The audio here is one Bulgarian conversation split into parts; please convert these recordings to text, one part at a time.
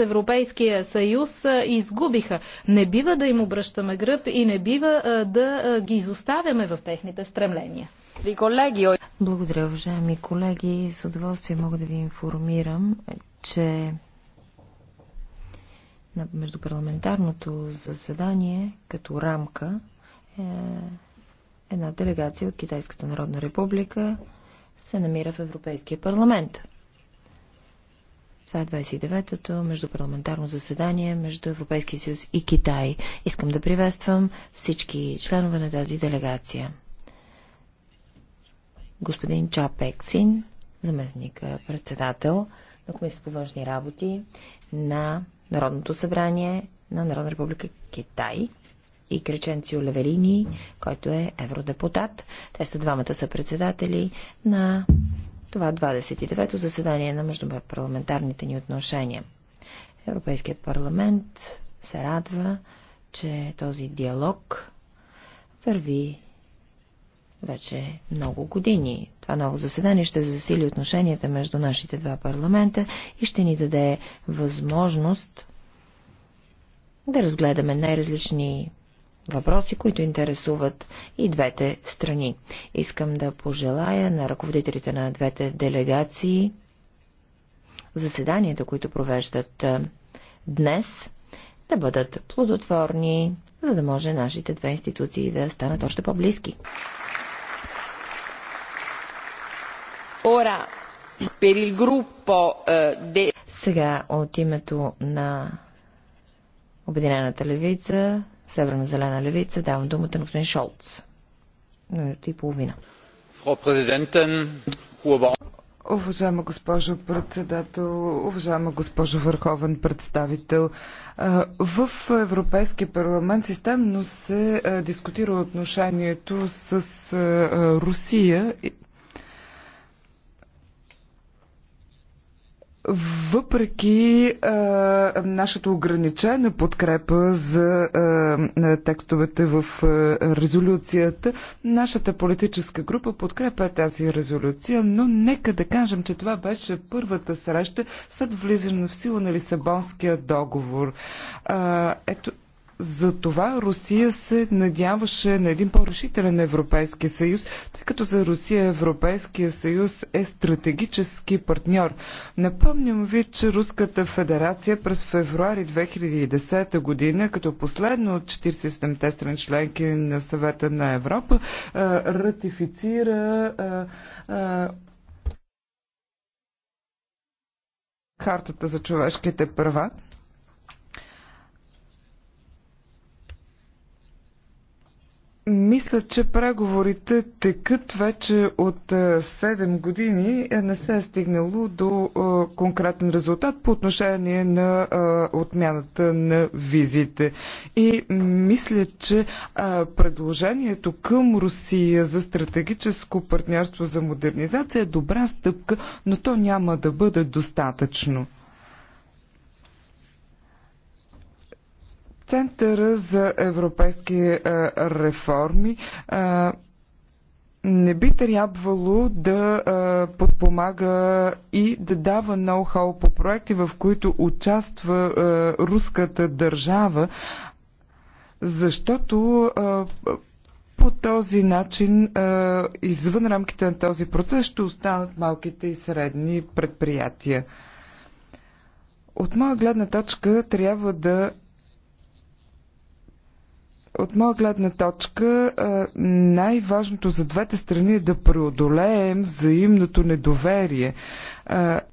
Европейския съюз изгубиха. Не бива да им обръщаме гръб и не бива да ги изоставяме в техните стремления. Благодаря, уважаеми колеги. С удоволствие мога да ви информирам, че на междупарламентарното заседание като рамка е една делегация от Китайската народна република се намира в Европейския парламент. Това е 29-тото междупарламентарно заседание между Европейския съюз и Китай. Искам да приветствам всички членове на тази делегация. Господин Ча Пексин, заместник председател на Комисията по външни работи на Народното събрание на Народна република Китай и Креченцио Левелини, който е евродепутат. Те са двамата са председатели на това 29-то заседание на междупарламентарните ни отношения. Европейският парламент се радва, че този диалог върви вече много години. Това ново заседание ще засили отношенията между нашите два парламента и ще ни даде възможност да разгледаме най-различни въпроси, които интересуват и двете страни. Искам да пожелая на ръководителите на двете делегации заседанията, които провеждат днес, да бъдат плодотворни, за да може нашите две институции да станат още по-близки. Eh, Сега от името на Обединената левица Северна зелена левица. Давам думата на господин Шолц. Минута и половина. Уважаема госпожо председател, уважаема госпожо върховен представител, в Европейския парламент системно се дискутира отношението с Русия Въпреки а, нашата ограничена подкрепа за а, текстовете в а, резолюцията, нашата политическа група подкрепа тази резолюция, но нека да кажем, че това беше първата среща след влизане в сила на Лисабонския договор. А, ето, затова Русия се надяваше на един по-решителен Европейски съюз, тъй като за Русия Европейския съюз е стратегически партньор. Напомням ви, че Руската федерация през февруари 2010 година, като последно от 47-те страни членки на съвета на Европа, ратифицира Хартата за човешките права. Мисля, че преговорите текат вече от 7 е, години. Е, не се е стигнало до е, конкретен резултат по отношение на отмяната на визите. И мисля, че предложението към Русия за стратегическо партньорство за модернизация е добра стъпка, но то няма да бъде достатъчно. Центъра за европейски е, реформи е, не би трябвало да а, е, подпомага и да дава ноу-хау по проекти, в които участва а, руската държава, защото а, по този начин, а, извън рамките на този процес, ще останат малките и средни предприятия. От моя гледна точка трябва да от моя гледна точка най-важното за двете страни е да преодолеем взаимното недоверие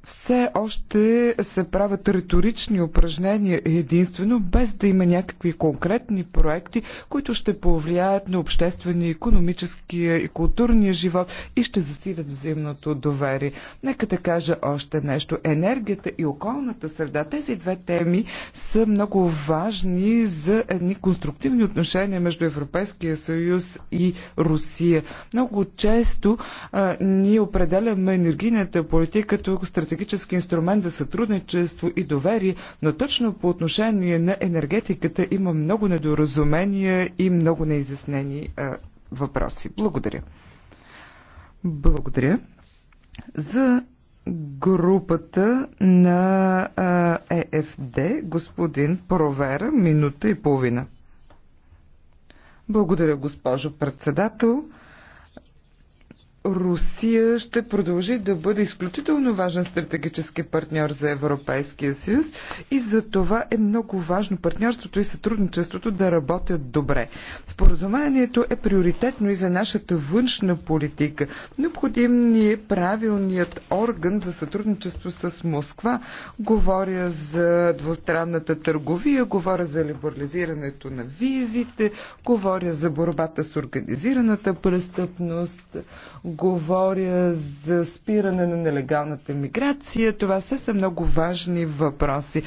все още се правят риторични упражнения единствено, без да има някакви конкретни проекти, които ще повлияят на обществения, економическия и културния живот и ще засилят взаимното доверие. Нека да кажа още нещо. Енергията и околната среда, тези две теми са много важни за едни конструктивни отношения между Европейския съюз и Русия. Много често а, ние определяме енергийната политика като стратегически инструмент за сътрудничество и доверие, но точно по отношение на енергетиката има много недоразумения и много неизяснени а, въпроси. Благодаря. Благодаря за групата на а, ЕФД, господин Провера, минута и половина. Благодаря, госпожо председател. Русия ще продължи да бъде изключително важен стратегически партньор за Европейския съюз и за това е много важно партньорството и сътрудничеството да работят добре. Споразумението е приоритетно и за нашата външна политика. Необходим ни е правилният орган за сътрудничество с Москва. Говоря за двустранната търговия, говоря за либерализирането на визите, говоря за борбата с организираната престъпност, говоря за спиране на нелегалната миграция. Това все са много важни въпроси.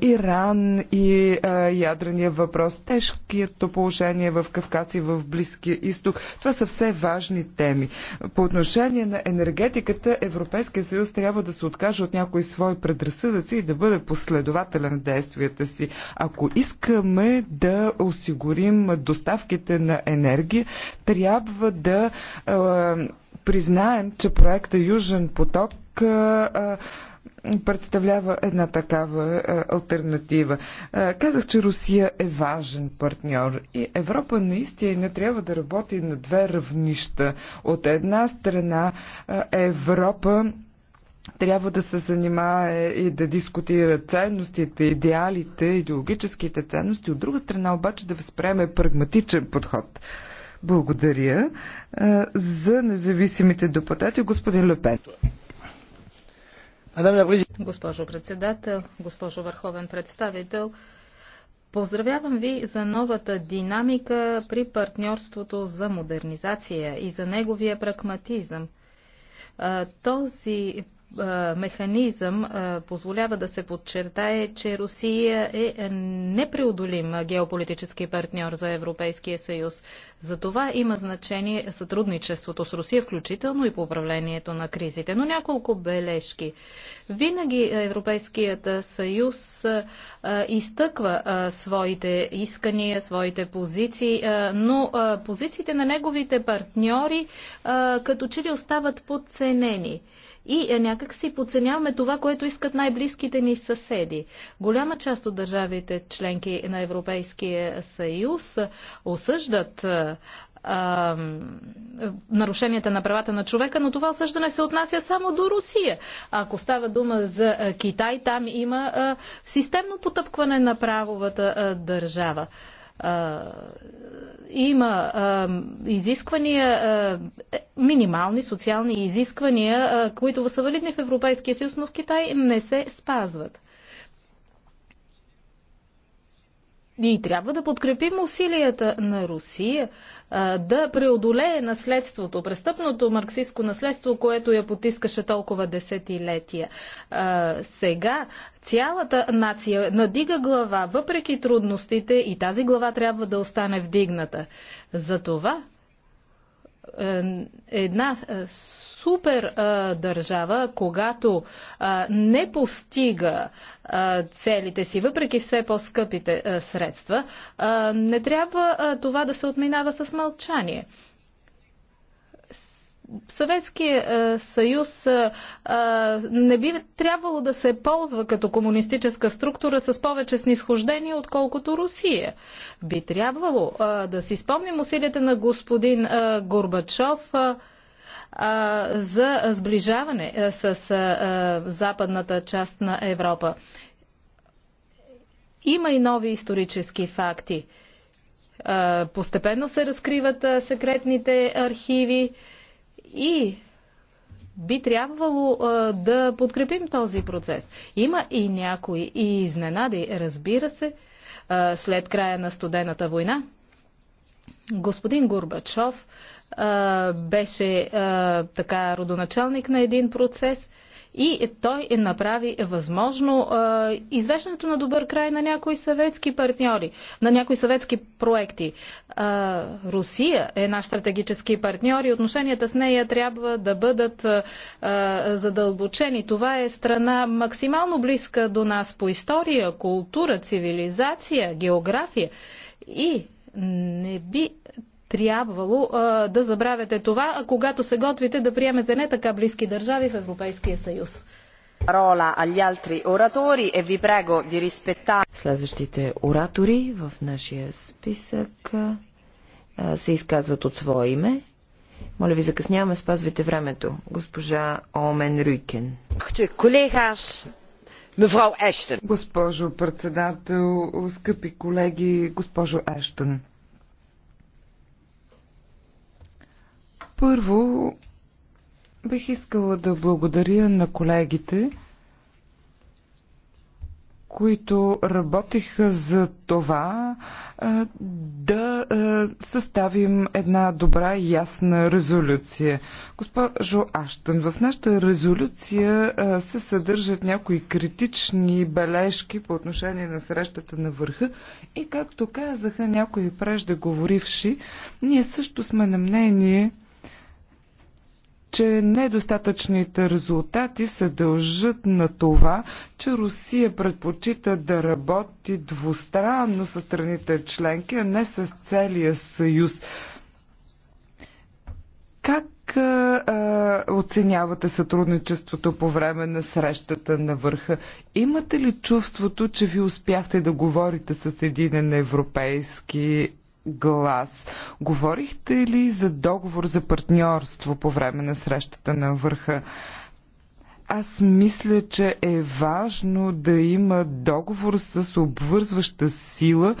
Иран и ядрения въпрос, тежкието положение в Кавказ и в Близкия изток. Това са все важни теми. По отношение на енергетиката, Европейския съюз трябва да се откаже от някои свои предразсъдъци и да бъде последователен в действията си. Ако искаме да осигурим доставките на енергия, трябва да признаем, че проекта Южен поток представлява една такава альтернатива. Казах, че Русия е важен партньор и Европа наистина трябва да работи на две равнища. От една страна Европа трябва да се занимае и да дискутира ценностите, идеалите, идеологическите ценности, от друга страна обаче да възприеме прагматичен подход. Благодаря. За независимите депутати, господин Лепен. Госпожо председател, госпожо върховен представител, Поздравявам ви за новата динамика при партньорството за модернизация и за неговия прагматизъм. Този механизъм позволява да се подчертае, че Русия е непреодолим геополитически партньор за Европейския съюз. За това има значение сътрудничеството с Русия, включително и по управлението на кризите. Но няколко бележки. Винаги Европейският съюз изтъква своите искания, своите позиции, но позициите на неговите партньори като че ли остават подценени и е, някак си подценяваме това, което искат най-близките ни съседи. Голяма част от държавите членки на Европейския съюз осъждат е, нарушенията на правата на човека, но това осъждане се отнася само до Русия. Ако става дума за е, Китай, там има системно потъпкване на правовата държава има а, изисквания, а, минимални социални изисквания, а, които са валидни в Европейския съюз, но в Китай не се спазват. Ние трябва да подкрепим усилията на Русия а, да преодолее наследството, престъпното марксистско наследство, което я потискаше толкова десетилетия. А, сега цялата нация надига глава, въпреки трудностите, и тази глава трябва да остане вдигната. Затова е, една е, супер а, е, държава, когато а, не постига целите си, въпреки все по-скъпите средства, не трябва това да се отминава с мълчание. Съветския съюз не би трябвало да се ползва като комунистическа структура с повече снисхождение, отколкото Русия. Би трябвало да си спомним усилията на господин Горбачов за сближаване с западната част на Европа. Има и нови исторически факти. Постепенно се разкриват секретните архиви и би трябвало да подкрепим този процес. Има и някои и изненади, разбира се, след края на студената война. Господин Горбачов беше така родоначалник на един процес и той направи възможно извеждането на добър край на някои съветски партньори, на някои съветски проекти. Русия е наш стратегически партньор и отношенията с нея трябва да бъдат задълбочени. Това е страна максимално близка до нас по история, култура, цивилизация, география и не би трябвало а, да забравяте това, а когато се готвите да приемете не така близки държави в Европейския съюз. E Следващите оратори в нашия списък а, се изказват от свое име. Моля ви, закъсняваме, спазвайте времето. Госпожа Омен Рюйкен. Колегаш, меврау Госпожо председател, скъпи колеги, госпожо Ештен. Първо, бих искала да благодаря на колегите, които работиха за това да съставим една добра и ясна резолюция. Госпожо Аштън, в нашата резолюция се съдържат някои критични бележки по отношение на срещата на върха и както казаха някои преждеговоривши, ние също сме на мнение, че недостатъчните резултати се дължат на това, че Русия предпочита да работи двустранно с страните членки, а не с целия съюз. Как а, оценявате сътрудничеството по време на срещата на върха? Имате ли чувството, че ви успяхте да говорите с един европейски глас. Говорихте ли за договор за партньорство по време на срещата на върха? Аз мисля, че е важно да има договор с обвързваща сила,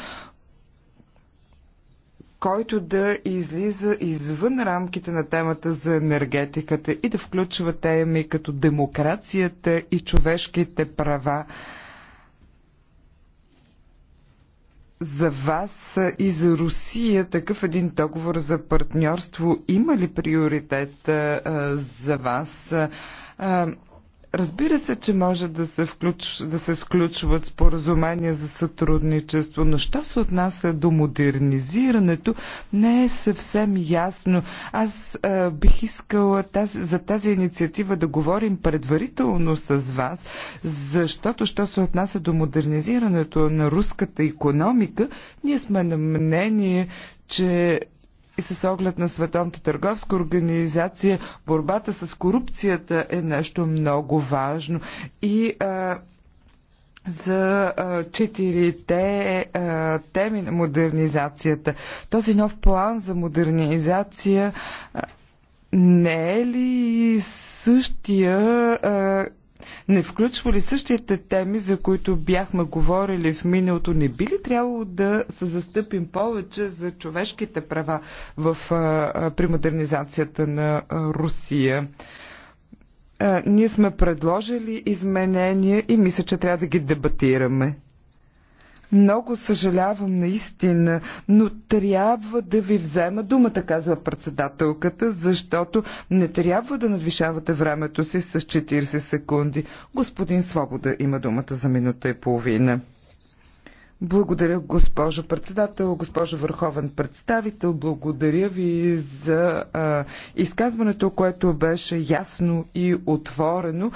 който да излиза извън рамките на темата за енергетиката и да включва теми като демокрацията и човешките права. за вас и за Русия такъв един договор за партньорство има ли приоритет за вас? Разбира се, че може да се, включ, да се сключват споразумения за сътрудничество, но що се отнася до модернизирането, не е съвсем ясно. Аз а, бих искала тази, за тази инициатива да говорим предварително с вас, защото що се отнася до модернизирането на руската економика, ние сме на мнение, че и с оглед на Световната търговска организация борбата с корупцията е нещо много важно. И а, за а, четирите а, теми на модернизацията. Този нов план за модернизация а, не е ли същия, а, не включва ли същите теми, за които бяхме говорили в миналото? Не би ли трябвало да се застъпим повече за човешките права в, а, при модернизацията на а, Русия? А, ние сме предложили изменения и мисля, че трябва да ги дебатираме. Много съжалявам наистина, но трябва да ви взема думата, казва председателката, защото не трябва да надвишавате времето си с 40 секунди. Господин Свобода има думата за минута и половина. Благодаря, госпожо председател, госпожо върховен представител. Благодаря ви за а, изказването, което беше ясно и отворено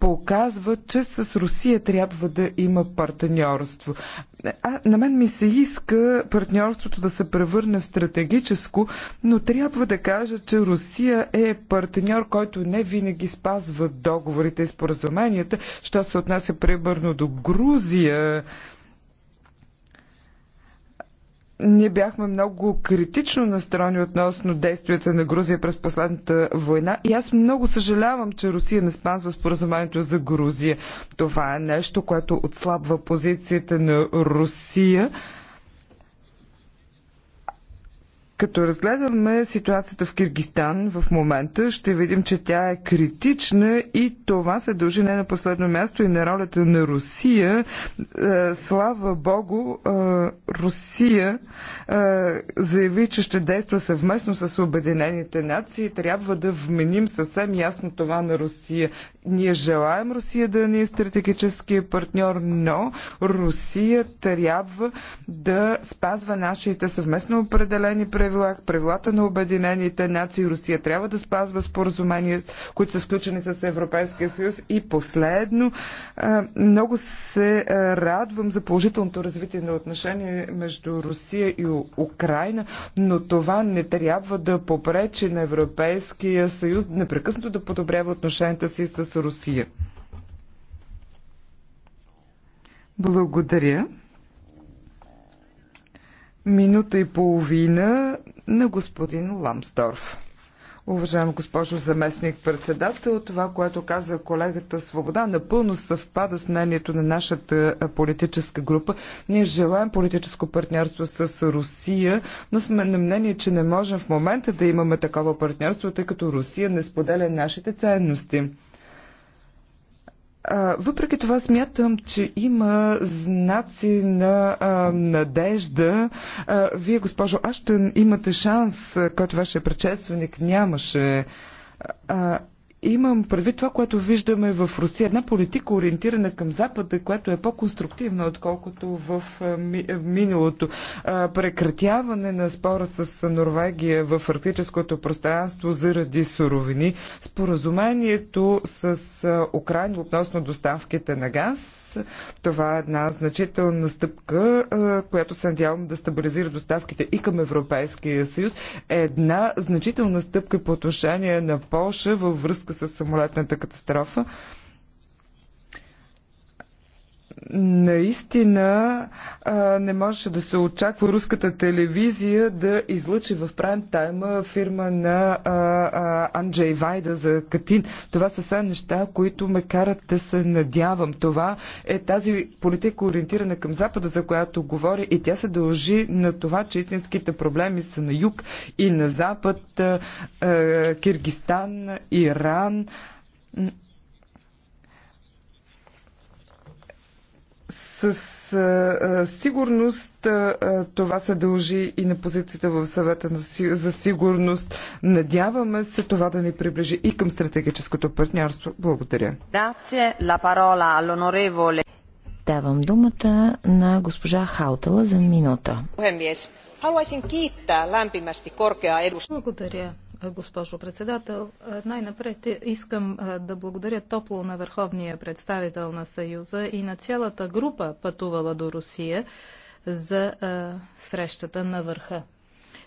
показва, че с Русия трябва да има партньорство. А, на мен ми се иска партньорството да се превърне в стратегическо, но трябва да кажа, че Русия е партньор, който не винаги спазва договорите и споразуменията, що се отнася примерно до Грузия. Ние бяхме много критично настроени относно действията на Грузия през последната война и аз много съжалявам, че Русия не спазва споразумението за Грузия. Това е нещо, което отслабва позицията на Русия като разгледаме ситуацията в Киргистан в момента, ще видим, че тя е критична и това се дължи не на последно място и на ролята на Русия. Е, слава Богу, е, Русия е, заяви, че ще действа съвместно с Обединените нации. Трябва да вменим съвсем ясно това на Русия. Ние желаем Русия да ни е стратегически партньор, но Русия трябва да спазва нашите съвместно определени правила правила, правилата на Обединените нации. Русия трябва да спазва споразумения, които са сключени с Европейския съюз. И последно, много се радвам за положителното развитие на отношение между Русия и Украина, но това не трябва да попречи на Европейския съюз непрекъснато да подобрява отношенията си с Русия. Благодаря минута и половина на господин Ламсторф. Уважаема госпожо заместник председател, това, което каза колегата Свобода, напълно съвпада с мнението на нашата политическа група. Ние желаем политическо партньорство с Русия, но сме на мнение, че не можем в момента да имаме такова партньорство, тъй като Русия не споделя нашите ценности въпреки това смятам, че има знаци на а, надежда. А, вие, госпожо Аштън, имате шанс, който вашия предшественик нямаше. А, Имам предвид това, което виждаме в Русия. Една политика ориентирана към Запада, която е по-конструктивна, отколкото в миналото. Прекратяване на спора с Норвегия в арктическото пространство заради суровини. Споразумението с Украина относно доставките на газ това е една значителна стъпка, която се надявам да стабилизира доставките и към Европейския съюз. Е една значителна стъпка по отношение на Польша във връзка с самолетната катастрофа наистина а, не можеше да се очаква руската телевизия да излъчи в прайм тайма фирма на а, а, Анджей Вайда за Катин. Това са са неща, които ме карат да се надявам. Това е тази политика ориентирана към Запада, за която говоря и тя се дължи на това, че истинските проблеми са на юг и на запад, а, а, Киргистан, Иран. С а, сигурност а, това се дължи и на позицията в съвета на, за сигурност. Надяваме се това да ни приближи и към стратегическото партньорство. Благодаря. Давам думата на госпожа Хаутала за минута. Благодаря госпожо председател. Най-напред искам да благодаря топло на върховния представител на Съюза и на цялата група пътувала до Русия за срещата на върха.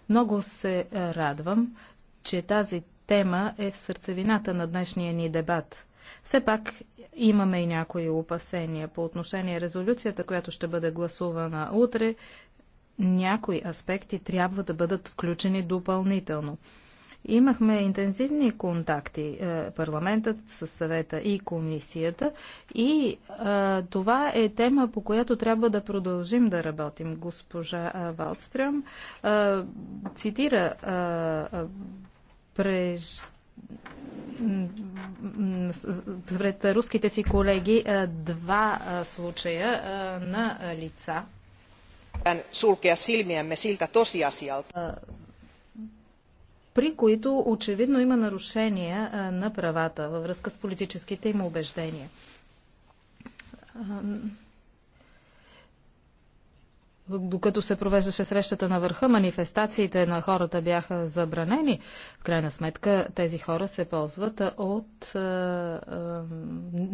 Много се радвам, че тази тема е в сърцевината на днешния ни дебат. Все пак имаме и някои опасения по отношение резолюцията, която ще бъде гласувана утре. Някои аспекти трябва да бъдат включени допълнително. Имахме интензивни контакти е, парламентът с съвета и комисията и е, това е тема, по която трябва да продължим да работим. Госпожа е, Валстрем цитира преж пред руските си колеги два случая на лица. Sulkea silmiämme siltä tosiasialta при които очевидно има нарушения на правата във връзка с политическите им убеждения. Докато се провеждаше срещата на върха, манифестациите на хората бяха забранени. В крайна сметка тези хора се ползват от е, е,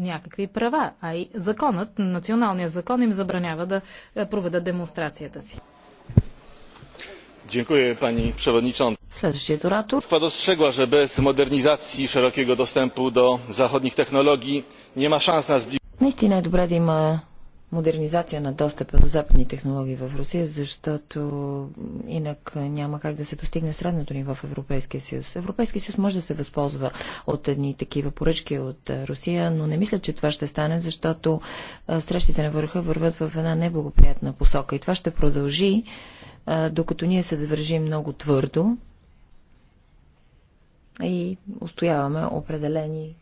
някакви права, а и законът, националният закон им забранява да проведат демонстрацията си pani przewodnicząca! moskwa dostrzegła że bez модернизации szerokiego dostępu do zachodnich technologii nie ma szans na zbliżenie. Наистина е добре да има модернизация на достъпа до западни технологии в Русия, защото инак няма как да се достигне средното ниво в Европейския съюз. Европейския съюз може да се възползва от едни такива поръчки от Русия, но не мисля, че това ще стане, защото срещите на върха върват в една неблагоприятна посока и това ще продължи докато ние се държим много твърдо и устояваме определени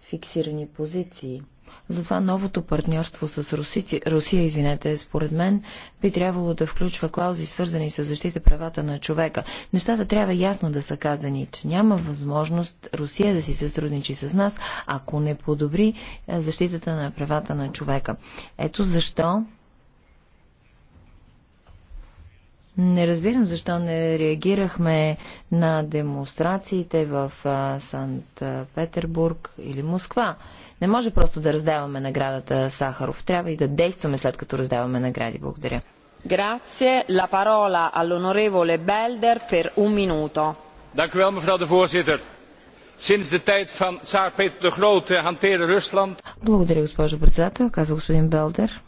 фиксирани позиции. Затова новото партньорство с Русици, Русия, извинете, според мен, би трябвало да включва клаузи, свързани с защита правата на човека. Нещата трябва ясно да са казани, че няма възможност Русия да си сътрудничи с нас, ако не подобри защитата на правата на човека. Ето защо Не разбирам защо не реагирахме на демонстрациите в Санкт-Петербург или Москва. Не може просто да раздаваме наградата Сахаров. Трябва и да действаме след като раздаваме награди. Благодаря. Grazie. La parola all'onorevole Belder per un minuto. Dank u wel, mevrouw de voorzitter. Sinds de tijd van Saar Peter de Grote hanteerde Rusland. Благодаря, госпожо председател, каза господин Белдер.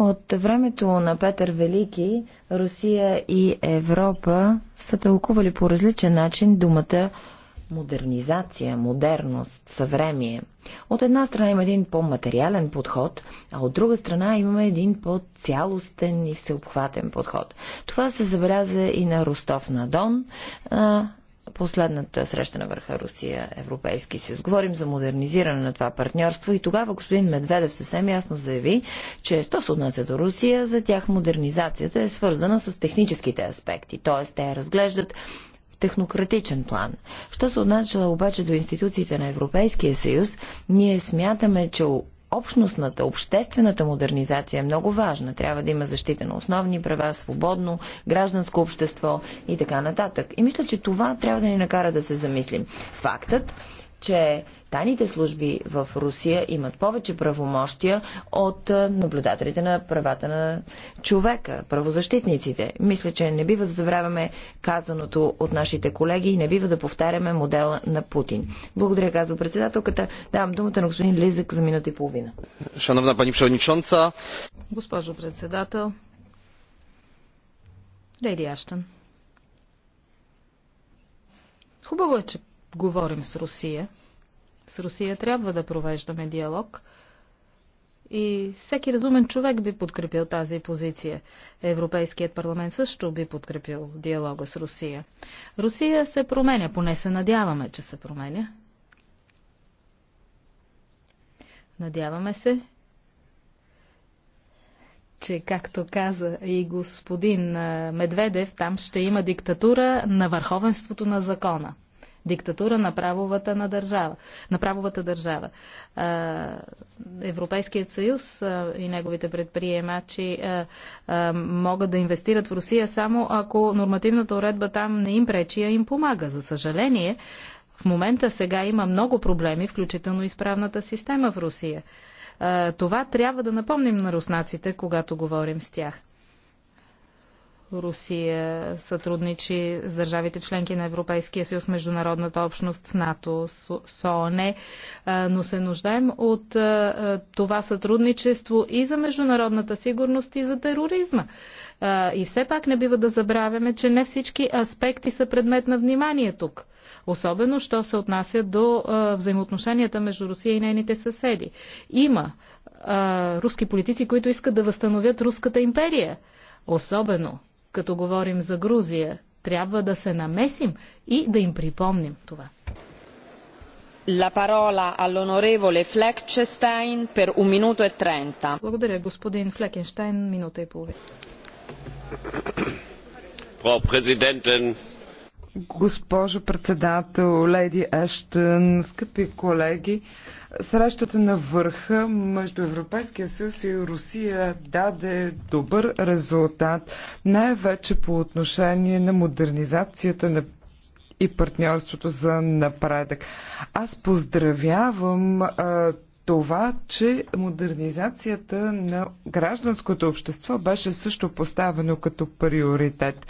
От времето на Петър Велики, Русия и Европа са тълкували по различен начин думата модернизация, модерност, съвремие. От една страна има един по-материален подход, а от друга страна имаме един по-цялостен и всеобхватен подход. Това се забеляза и на Ростов на Дон, последната среща на върха Русия-Европейски съюз. Говорим за модернизиране на това партньорство и тогава господин Медведев съвсем ясно заяви, че що се отнася до Русия, за тях модернизацията е свързана с техническите аспекти. Т.е. те разглеждат технократичен план. Що се отнася обаче до институциите на Европейския съюз, ние смятаме, че общностната, обществената модернизация е много важна. Трябва да има защита на основни права, свободно, гражданско общество и така нататък. И мисля, че това трябва да ни накара да се замислим. Фактът, че тайните служби в Русия имат повече правомощия от наблюдателите на правата на човека, правозащитниците. Мисля, че не бива да забравяме казаното от нашите колеги и не бива да повтаряме модела на Путин. Благодаря, казва председателката. Давам думата на господин Лизък за минута и половина. Шановна пани Пшелничонца. Госпожо председател, Леди Аштън. Хубаво е, че говорим с Русия. С Русия трябва да провеждаме диалог. И всеки разумен човек би подкрепил тази позиция. Европейският парламент също би подкрепил диалога с Русия. Русия се променя, поне се надяваме, че се променя. Надяваме се, че, както каза и господин Медведев, там ще има диктатура на върховенството на закона диктатура на правовата, на държава, на правовата държава. Европейският съюз и неговите предприемачи могат да инвестират в Русия само ако нормативната уредба там не им пречи, а им помага. За съжаление, в момента сега има много проблеми, включително и система в Русия. Това трябва да напомним на руснаците, когато говорим с тях. Русия сътрудничи с държавите членки на Европейския съюз, международната общност с НАТО, СОНЕ, но се нуждаем от е, това сътрудничество и за международната сигурност и за тероризма. Е, и все пак не бива да забравяме, че не всички аспекти са предмет на внимание тук. Особено, що се отнася до е, взаимоотношенията между Русия и нейните съседи. Има руски политици, които искат да възстановят Руската империя. Особено като говорим за Грузия. Трябва да се намесим и да им припомним това. La parola all'onorevole Fleckenstein per un minuto e trenta. Благодаря, господин Флекенштайн, минута и половина. Frau Präsidentin, Госпожо председател, леди Ештън, скъпи колеги, Срещата на върха между Европейския съюз и Русия даде добър резултат, най-вече по отношение на модернизацията на и партньорството за напредък. Аз поздравявам а, това, че модернизацията на гражданското общество беше също поставено като приоритет.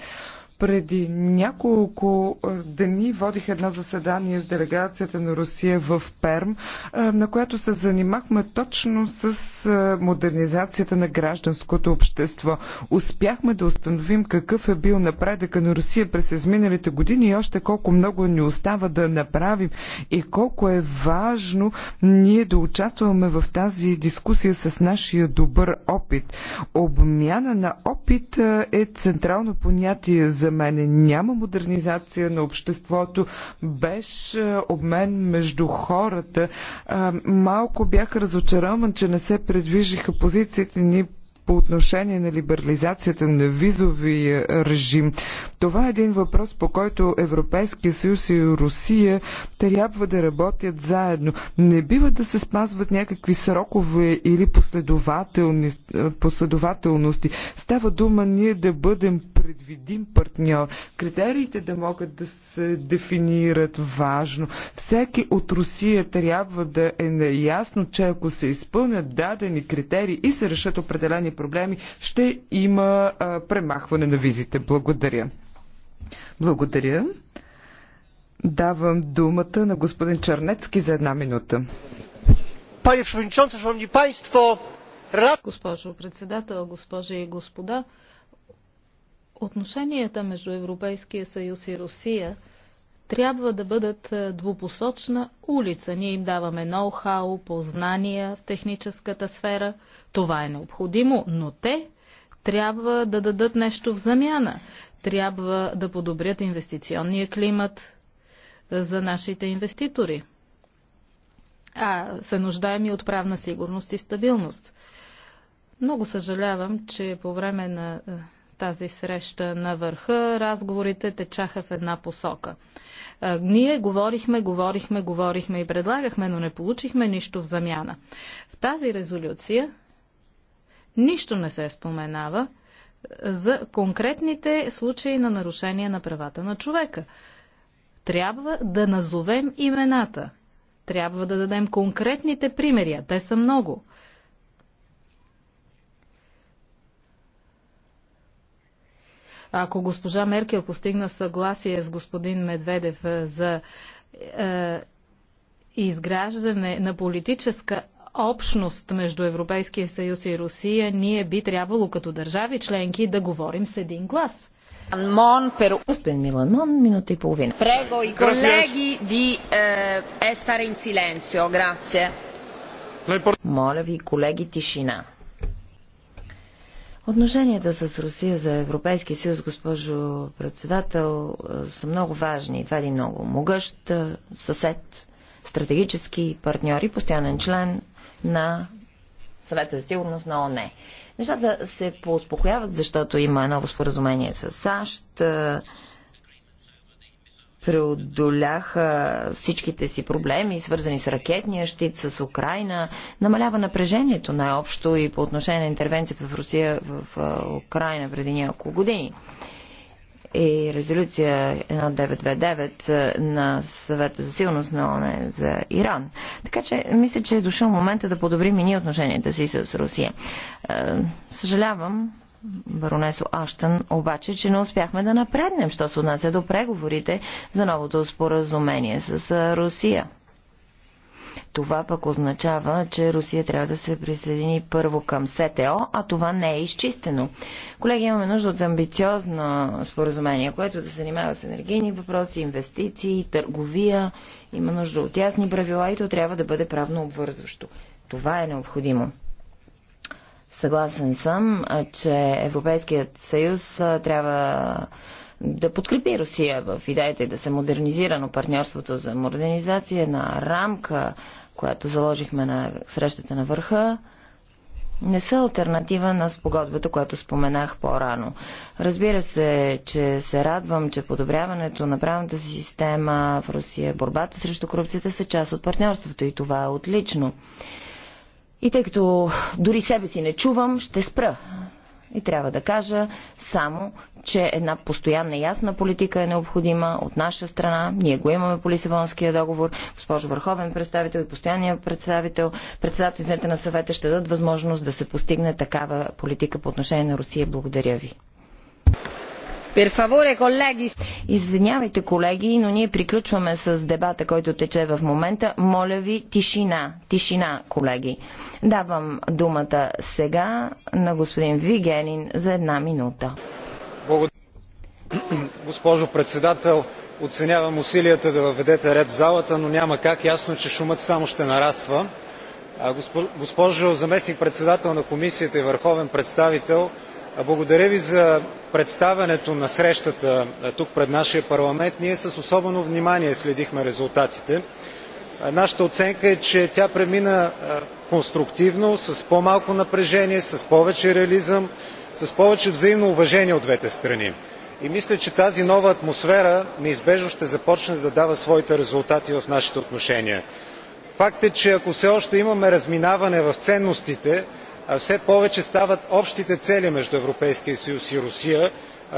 Преди няколко дни водих едно заседание с делегацията на Русия в Перм, на което се занимахме точно с модернизацията на гражданското общество. Успяхме да установим какъв е бил напредъка на Русия през изминалите години и още колко много ни остава да направим и колко е важно ние да участваме в тази дискусия с нашия добър опит. Обмяна на опит е централно понятие за за мен няма модернизация на обществото, без е, обмен между хората. Е, малко бях разочарован, че не се предвижиха позициите ни по отношение на либерализацията на визовия е, режим. Това е един въпрос, по който Европейския съюз и Русия трябва да работят заедно. Не бива да се спазват някакви срокове или последователни, последователности. Става дума ние да бъдем предвидим партньор. Критериите да могат да се дефинират важно. Всеки от Русия трябва да е наясно, че ако се изпълнят дадени критерии и се решат определени проблеми, ще има а, премахване на визите. Благодаря. Благодаря. Давам думата на господин Чернецки за една минута. Госпожо председател, госпожи и господа, Отношенията между Европейския съюз и Русия трябва да бъдат е, двупосочна улица. Ние им даваме ноу-хау, познания в техническата сфера. Това е необходимо, но те трябва да дадат нещо в замяна. Трябва да подобрят инвестиционния климат е, за нашите инвеститори. А се нуждаем и от правна сигурност и стабилност. Много съжалявам, че по време на е, тази среща на върха, разговорите течаха в една посока. Ние говорихме, говорихме, говорихме и предлагахме, но не получихме нищо в замяна. В тази резолюция нищо не се споменава за конкретните случаи на нарушение на правата на човека. Трябва да назовем имената. Трябва да дадем конкретните примери, а те са много. Ако госпожа Меркел постигна съгласие с господин Медведев е, за е, изграждане на политическа общност между Европейския съюз и Русия, ние би трябвало като държави членки да говорим с един глас. Мон, Перу. Господин Милан Мон, минута и половина. Прего и колеги ди естаре ин силенцио. Грация. Моля ви, колеги, тишина. Отношенията с Русия за Европейския съюз, госпожо председател, са много важни. Това е много могъщ съсед, стратегически партньор и постоянен член на Съвета за сигурност на ОНЕ. Нещата се поуспокояват, защото има ново споразумение с САЩ преодоляха всичките си проблеми, свързани с ракетния щит, с Украина, намалява напрежението най-общо и по отношение на интервенцията в Русия в Украина преди няколко години. И резолюция 1929 на съвета за сигурност на ОНЕ за Иран. Така че мисля, че е дошъл момента да подобрим и ние отношенията си с Русия. Съжалявам, баронесо Аштън, обаче, че не успяхме да напреднем, що се отнася до преговорите за новото споразумение с Русия. Това пък означава, че Русия трябва да се присъедини първо към СТО, а това не е изчистено. Колеги, имаме нужда от амбициозно споразумение, което да се занимава с енергийни въпроси, инвестиции, търговия. Има нужда от ясни правила и то трябва да бъде правно обвързващо. Това е необходимо. Съгласен съм, че Европейският съюз трябва да подкрепи Русия в идеята да се модернизира, но партньорството за модернизация е на рамка, която заложихме на срещата на върха, не са альтернатива на спогодбата, която споменах по-рано. Разбира се, че се радвам, че подобряването на правната система в Русия, борбата срещу корупцията са част от партньорството и това е отлично. И тъй като дори себе си не чувам, ще спра. И трябва да кажа само, че една постоянна ясна политика е необходима от наша страна. Ние го имаме по Лисабонския договор. Госпожо Върховен представител и постоянния представител, председател на съвета ще дадат възможност да се постигне такава политика по отношение на Русия. Благодаря ви. Извинявайте, колеги, но ние приключваме с дебата, който тече в момента. Моля ви, тишина. Тишина, колеги. Давам думата сега на господин Вигенин за една минута. Благодаря. Госпожо председател, оценявам усилията да въведете ред в залата, но няма как. Ясно, че шумът само ще нараства. Госпожо заместник председател на комисията и върховен представител, благодаря Ви за представянето на срещата тук пред нашия парламент. Ние с особено внимание следихме резултатите. Нашата оценка е, че тя премина конструктивно, с по-малко напрежение, с повече реализъм, с повече взаимно уважение от двете страни. И мисля, че тази нова атмосфера неизбежно ще започне да дава своите резултати в нашите отношения. Факт е, че ако все още имаме разминаване в ценностите, а все повече стават общите цели между европейския съюз и русия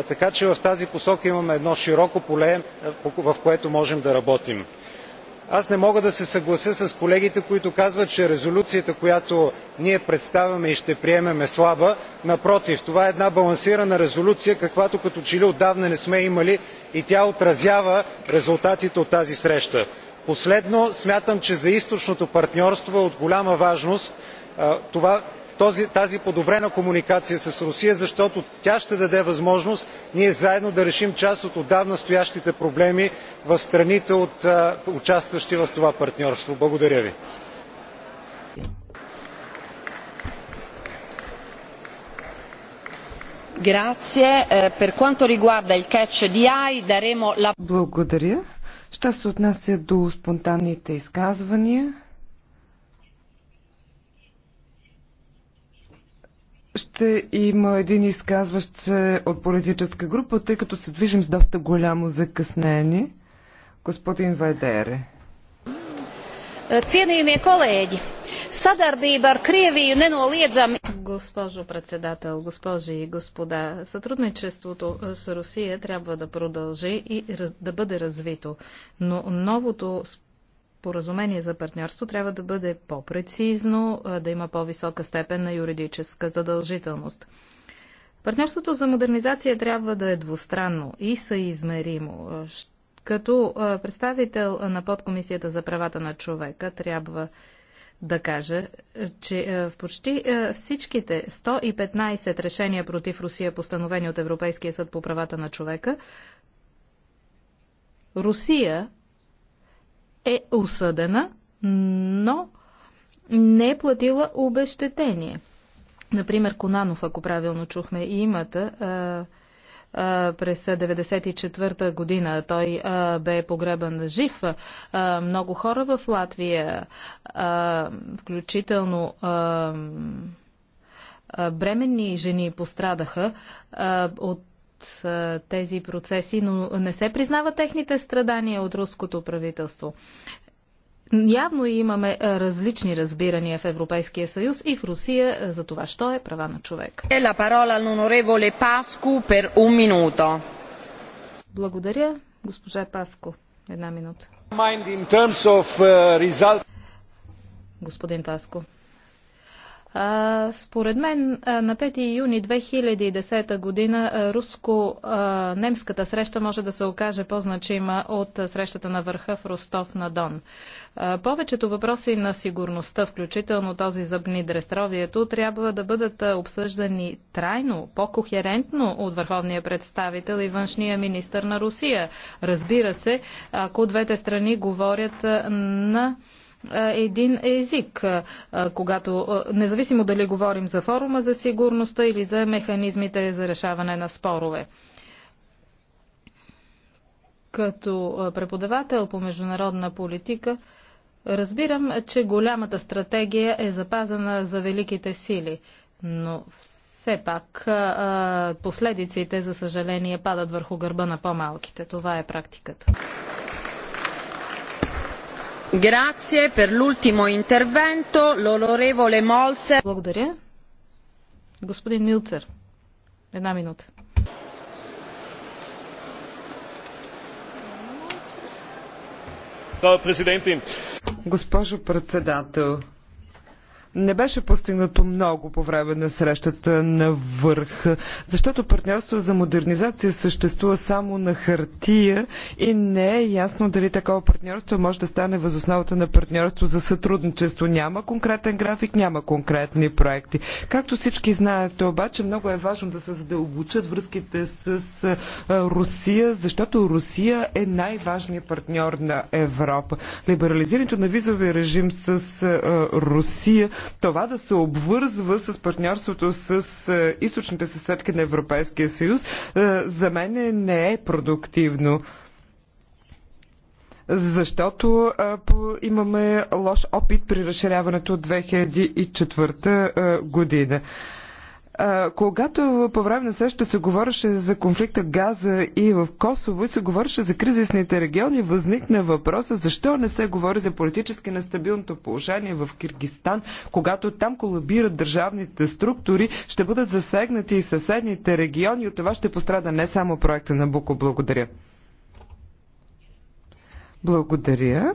така че в тази посока имаме едно широко поле е, в което можем да работим. аз не мога да се съглася с колегите които казват че резолюцията която ние представяме и ще приемем е слаба. напротив това е една балансирана резолюция каквато като че ли отдавна не сме имали и тя отразява резултатите от тази среща. последно смятам че за източното партньорство е от голяма важност тази подобрена комуникация с русия защото тя ще даде възможност ние заедно да решим част от отдавна стоящите проблеми в страните участващи в това партньорство. благодаря ви. Е, благодаря. Що се отнася до спонтанните изказвания, още има един изказващ се от политическа група, тъй като се движим с доста голямо закъснение. Господин Вайдере. Cienījamie kolēģi, sadarbība ar Krieviju nenoliedzami. Госпожо председател, госпожи и господа, сътрудничеството с Русия трябва да продължи и да бъде развито, но новото споразумение за партньорство трябва да бъде по-прецизно, да има по-висока степен на юридическа задължителност. Партньорството за модернизация трябва да е двустранно и съизмеримо. Като представител на подкомисията за правата на човека трябва да кажа, че в почти всичките 115 решения против Русия, постановени от Европейския съд по правата на човека, Русия е осъдена, но не е платила обещетение. Например, Конанов, ако правилно чухме имата, през 1994 година. Той бе погребан жив. много хора в Латвия, включително бременни жени пострадаха от тези процеси, но не се признава техните страдания от руското правителство. Явно имаме различни разбирания в Европейския съюз и в Русия за това, що е права на човек. Е, Благодаря, госпожа Паско. Една минута. Uh, Господин Паско, а, според мен на 5 юни 2010 година руско-немската среща може да се окаже по-значима от срещата на върха в Ростов на Дон. А, повечето въпроси на сигурността, включително този за Бнидрестровието, трябва да бъдат обсъждани трайно, по-кохерентно от върховния представител и външния министр на Русия. Разбира се, ако двете страни говорят на е, един език, е, е, когато, независимо дали говорим за форума за сигурността или за механизмите за решаване на спорове. Като преподавател по международна политика, разбирам, че голямата стратегия е запазена за великите сили, но все пак последиците, за съжаление, падат върху гърба на по-малките. Това е практиката. Grazie per l'ultimo intervento, l'onorevole Молцер. Благодаря. Господин Милцер, една минута. Госпожо председател, не беше постигнато много по време на срещата на върх, защото партньорство за модернизация съществува само на хартия и не е ясно дали такова партньорство може да стане възосновата на партньорство за сътрудничество. Няма конкретен график, няма конкретни проекти. Както всички знаете, обаче много е важно да се задълбочат връзките с Русия, защото Русия е най-важният партньор на Европа. Либерализирането на визовия режим с Русия това да се обвързва с партньорството с е, източните съседки на Европейския съюз, е, за мен не е продуктивно защото а, е, по, имаме лош опит при разширяването от 2004 а, година когато по време на среща се говореше за конфликта в Газа и в Косово и се говореше за кризисните региони, възникна въпроса защо не се говори за политически нестабилното положение в Киргистан, когато там колабират държавните структури, ще бъдат засегнати и съседните региони, от това ще пострада не само проекта на Буко. Благодаря. Благодаря.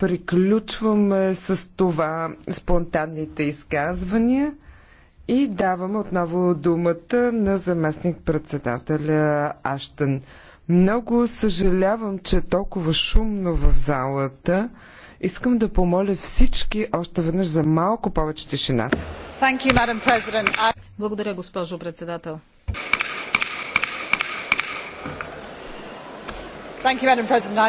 приключваме с това спонтанните изказвания и даваме отново думата на заместник-председателя Аштън. Много съжалявам, че е толкова шумно в залата. Искам да помоля всички още веднъж за малко повече тишина. Благодаря, госпожо председател.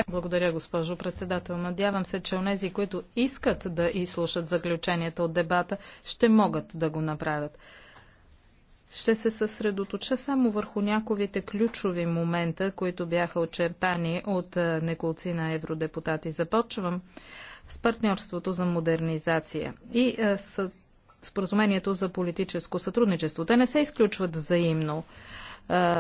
Благодаря, госпожо председател. Надявам се, че онези, които искат да изслушат заключенията от дебата, ще могат да го направят. Ще се съсредоточа само върху няковите ключови момента, които бяха очертани от е, неколци на евродепутати. Започвам с партньорството за модернизация и е, с споразумението за политическо сътрудничество. Те не се изключват взаимно е,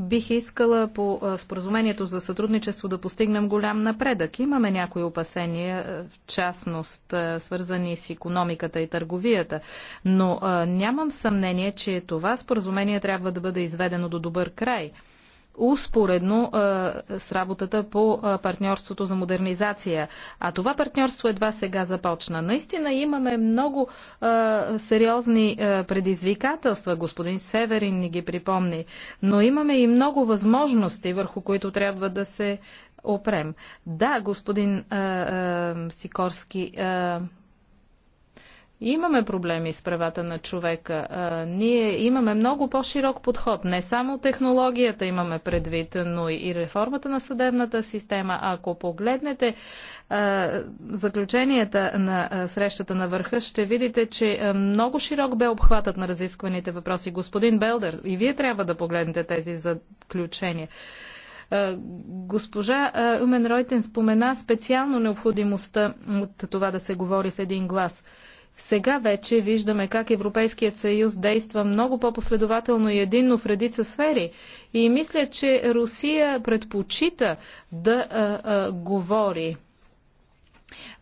Бих искала по споразумението за сътрудничество да постигнем голям напредък. Имаме някои опасения, в частност свързани с економиката и търговията, но нямам съмнение, че това споразумение трябва да бъде изведено до добър край – успоредно с работата по партньорството за модернизация. А това партньорство едва сега започна. Наистина имаме много сериозни предизвикателства, господин Северин ни ги припомни, но имаме и много възможности, върху които трябва да се опрем. Да, господин Сикорски, Имаме проблеми с правата на човека. А, ние имаме много по-широк подход. Не само технологията имаме предвид, но и реформата на съдебната система. Ако погледнете а, заключенията на а, срещата на върха, ще видите, че а, много широк бе обхватът на разискваните въпроси. Господин Белдер, и вие трябва да погледнете тези заключения. Госпожа Умен Ройтен спомена специално необходимостта от това да се говори в един глас – сега вече виждаме как Европейският съюз действа много по-последователно и единно в редица сфери. И мисля, че Русия предпочита да а, а, говори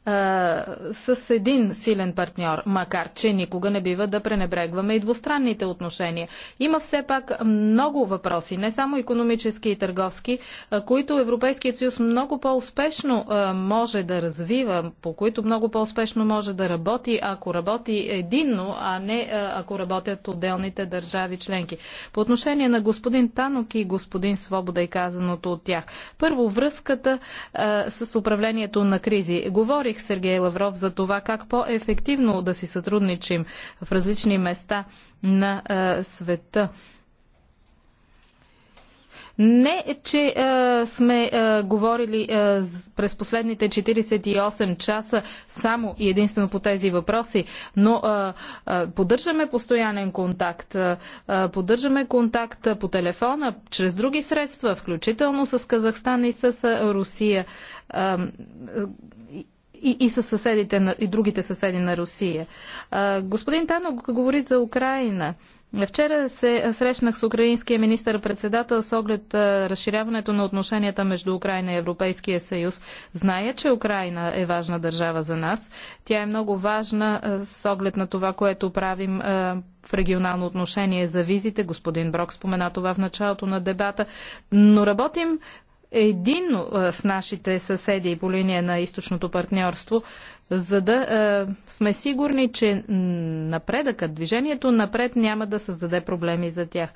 а, с един силен партньор, макар че никога не бива да пренебрегваме и двустранните отношения. Има все пак много въпроси, не само економически и търговски, а, които Европейският съюз много по-успешно може да развива, по които много по-успешно може да работи, ако работи единно, а не а, ако работят отделните държави членки. По отношение на господин Танок и господин Свобода и казаното от тях. Първо, връзката а, с управлението на кризи. Говорих Поздравих Сергей Лавров за това как по-ефективно да си сътрудничим в различни места на а, е, света. Не, че а, е, сме а, е, говорили а, през последните 48 часа само и единствено по тези въпроси, но а, а, поддържаме постоянен контакт. а, поддържаме контакт по телефона, чрез други средства, включително с Казахстан и с Русия. А, и, и с съседите на, и другите съседи на Русия. А, господин Тано говори за Украина. Вчера се срещнах с украинския министър-председател с оглед а, разширяването на отношенията между Украина и Европейския съюз. Зная, че Украина е важна държава за нас. Тя е много важна а, с оглед на това, което правим а, в регионално отношение за визите. Господин Брок спомена това в началото на дебата. Но работим единно с нашите съседи по линия на източното партньорство, за да е, сме сигурни, че напредъкът, движението напред няма да създаде проблеми за тях.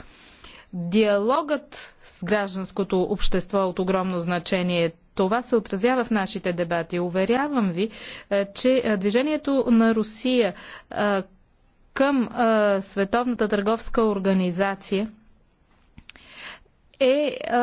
Диалогът с гражданското общество е от огромно значение. Това се отразява в нашите дебати. Уверявам ви, че движението на Русия към Световната търговска организация – е а,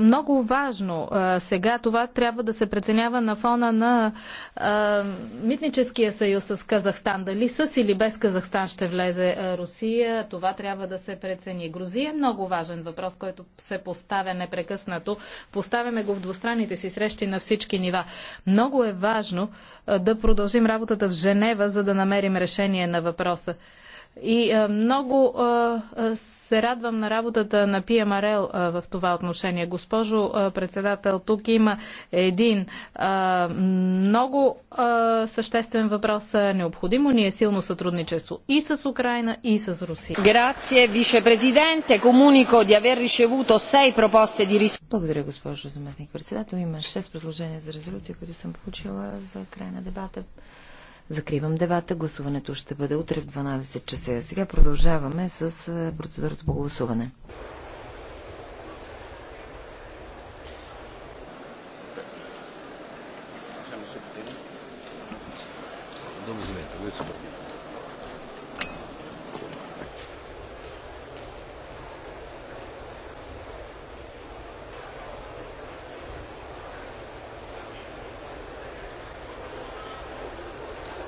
много важно. А, сега това трябва да се преценява на фона на а, митническия съюз с Казахстан. Дали с или без Казахстан ще влезе а, Русия, това трябва да се прецени. Грузия е много важен въпрос, който се поставя непрекъснато. Поставяме го в двустранните си срещи на всички нива. Много е важно а, да продължим работата в Женева, за да намерим решение на въпроса. И е, много е, е, се радвам на работата на Пия Марел в това отношение. Госпожо председател, тук има един много съществен въпрос. Необходимо ни е силно сътрудничество и с Украина, и с Русия. Грация, вице-президенте. Комунико ди авер ricevuto сей пропосте di Благодаря, госпожо заместник председател. Има 6 предложения за резолюция, които съм получила за край на дебата. Закривам дебата. Гласуването ще бъде утре в 12 часа. Сега продължаваме с процедурата по гласуване.